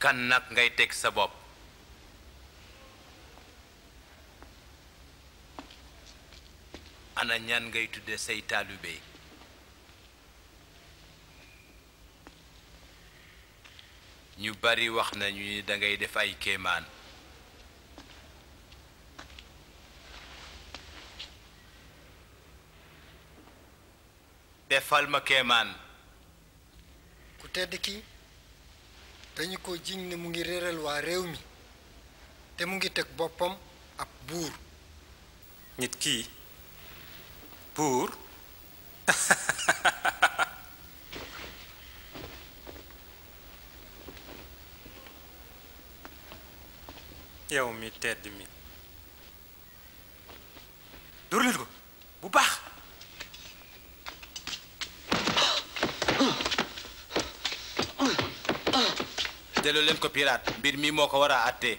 kan nag ngay teg sa bopp ana ñaan ngay tudde say taalibe ñu bari wax nañu ni dangay def ay kéemaan defal ma kéemaan ku tedd ki dañu ko jiñ ne mu ngi réeral waa réew mi te mu ngi teg boppam ab buur nit ki buur yow mi tedd mi delloo leen ko piraat mbir mi moo ko war a àttee